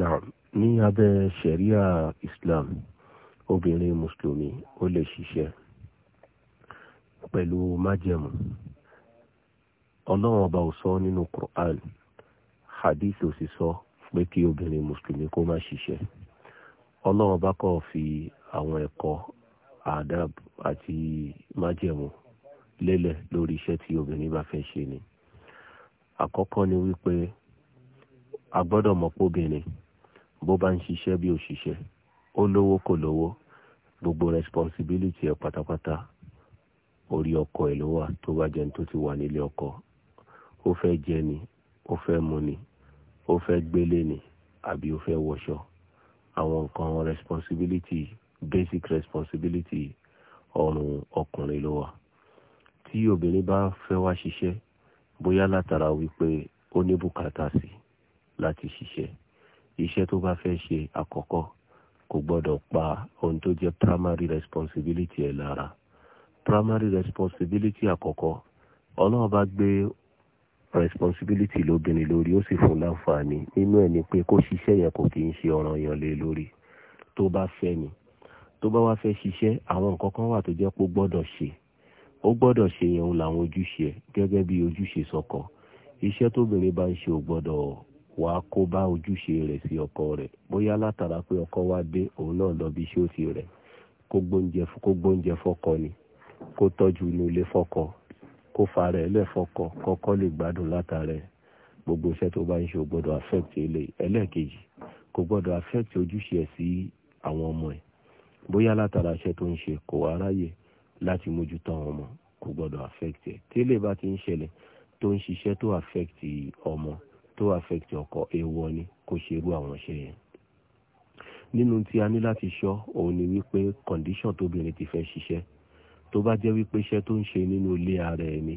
náà ní abẹ́ ṣẹ̀ríà Islam obìnrin mùsùlùmí ó lè ṣiṣẹ́ pẹ̀lú májẹ̀mú ọlọ́run ọba ò sọ nínú Quran hadith ò sì sọ pé kí obìnrin mùsùlùmí kó má ṣiṣẹ́ ọlọ́run ọba kọ́ fi àwọn ẹ̀kọ́ adab àti májẹ̀mú lélẹ̀ lórí iṣẹ́ tí obìnrin bá fẹ́ ṣe ni àkọ́kọ́ ni wípé a gbọ́dọ̀ mọ̀ pé obìnrin bó bá ń ṣiṣẹ́ bí òṣìṣẹ́ ó lówó kò lówó gbogbo responsibility ẹ̀ pátápátá orí ọkọ ẹ̀ ló wà tó bá jẹun tó ti wà nílé ọkọ ó fẹ́ jẹ ni ó fẹ́ mu ni ó fẹ́ gbélé ni àbí ó fẹ́ wọṣọ àwọn nǹkan responsibility basic responsibility ọrùn ọkùnrin ló wà tí obìnrin bá fẹ́ wá ṣiṣẹ́ bóyá látara wípé ó ní bùkátà sí láti ṣiṣẹ́ iṣẹ́ tó bá fẹ́ ṣe àkọ́kọ́ kò gbọ́dọ̀ pa ohun tó jẹ́ primary responsibility ẹ̀ lára primary responsibility àkọ́kọ́ ọlọ́run bá gbé responsibility lóbìnrin lórí ó sì fún láǹfààní nínú ẹ̀ ni pé kó ṣiṣẹ́ yẹn kò kì í ṣe ọ̀ràn yàn lé lórí tó bá fẹ́ ni tó bá wá fẹ́ ṣiṣẹ́ àwọn nǹkan kan wà tó jẹ́ pé ó gbọ́dọ̀ ṣe ó gbọ́dọ̀ ṣe yẹn òun làwọn ojúṣe gẹ́gẹ́ bí ojúṣe sọkọ iṣẹ́ tóbìnrin bá ń ṣe ò gbọ́dọ̀ wà á kó bá ojúṣe rẹ̀ sí ọkọ rẹ̀ bóyá látara pé ọkọ wá dé òun náà lọ bí iṣẹ́ òsì rẹ̀ kó gbóúnjẹ fọ́kọ ni kó tọ́jú inú ilé fọ́kọ kó fara ẹ̀ lẹ́fọ́kọ kọ́kọ́ lè gbádùn látara ẹ̀ gbogbo iṣẹ́ tó bá ń ṣe ò gbọ́dọ̀ affect eléyìí ẹlẹ́ẹ̀kejì kò gbọ́dọ̀ affect ojúṣe ẹ̀ sí àwọn ọmọ ẹ̀ bóyá látara iṣẹ́ tó ń ṣe kò wá láti mójútó àwọn ọmọ kò gbọ́dọ̀ affect ẹ̀ tẹ́lẹ̀ bá ti ń tó affect ọkọ èèwọ̀ ni kò ṣerú àwọn ṣe yẹn nínú tí a ní láti sọ òun ni wípé condition tóbìnrin ti fẹ́ ṣiṣẹ́ tó bá jẹ́ wípé iṣẹ́ tó ń ṣe nínú ilé ara ẹni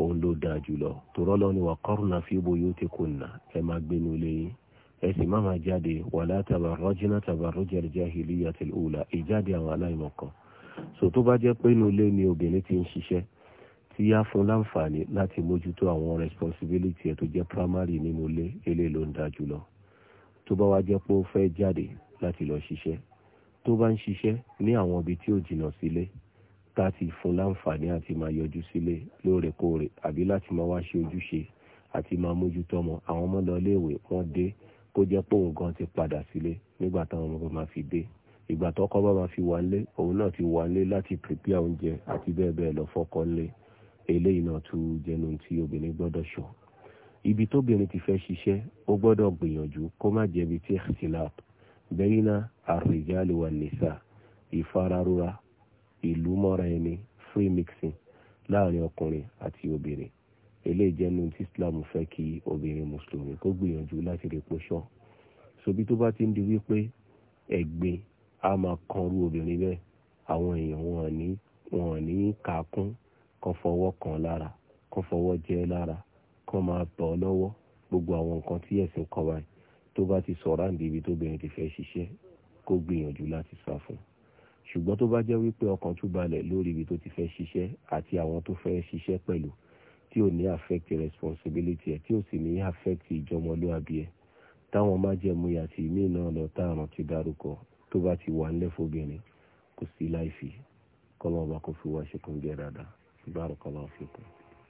òun ló dáa jùlọ tòrọ́ lọ ni wà kọ́rùnà fi bóyó ti kò nà ẹ máa gbénu ilé yín ẹ sì má máa jáde wàlá tabarrajna tabarruja al-jahiliyyati al-ula ìjáde àwọn aláìmọ̀kan so tó bá jẹ́ pé inú ilé ni obìnrin ti ń ṣiṣẹ́ tí á fún láǹfààní láti mójútó àwọn responsibility ẹ̀ tó jẹ́ primary nínú ilé eléyìí ló ń da jùlọ tó bá wá jẹ́ pé ó fẹ́ jáde láti lọ ṣiṣẹ́ tó bá ń ṣiṣẹ́ ní àwọn ibi tí ò jìnnà sílé tá a ti fún láǹfààní àti máa yọjú sílé lóòrèkóòrè àbí láti máa wá ṣe ojúṣe àti máa mójútó ọmọ àwọn ọmọ lọ léèwé wọ́n dé kó jẹ́ pé òun gan ti padà sílé nígbà táwọn ọmọ máa fi dé ìgbà tọ́kọ bá máa fi wà nílé òun náà ti wà nílé láti prepare oúnjẹ àti bẹ́ẹ̀ bẹ́ẹ̀ lọ fọ́kọ nílé eléyìí náà tún jẹnu tí obìnrin gbọ́dọ̀ ṣọ́ ibi tóbìnrin ti fẹ́ ṣiṣẹ́ ó gbọ́dọ̀ gbìyànjú kó má jẹbi tí xilap bẹ́yìnà àrùjálù wà nìsà ìfararura ẹni free mixing láàrin ọkùnrin àti obìnrin eléyìí jẹnu tí islam fẹ́ kí obìnrin mùsùlùmí kó gbìyànjú láti rí poṣọ́ sobi tó bá ti ń di wípé ẹ̀gbin a máa kanrú obìnrin bẹ́ẹ̀ àwọn èèyàn wọn ní wọn ní kàákún kó fọwọ́ kàn lára kó fọwọ́ jẹ́ lára kó máa bọ̀ lọ́wọ́ gbogbo àwọn nǹkan tí ẹ̀sìn kọ́ wa tó bá ti sọ̀rọ̀ àǹdí ibi tóbìnrin ti fẹ́ ṣiṣẹ́ kó gbìyànjú láti sá fún un ṣùgbọ́n tó bá jẹ́ wípé ọkàn tún balẹ̀ lórí ibi tó ti fẹ́ ṣiṣẹ́ àti àwọn tó fẹ́ ṣiṣẹ́ pẹ̀lú tí ò ní affect responsibility ẹ̀ tí ò sì ní affect ìjọmọlúàbí ẹ̀ táwọn májẹ̀mú àti ìmí náà lọ táàrùn ti dárúkọ tó bá ti wà ńlẹ̀ fóbìnrin kò sí láìfi kọ́lọ́ọ̀bá kò fi wá ṣe kún gẹ́ dáadáa barakallahu fikum.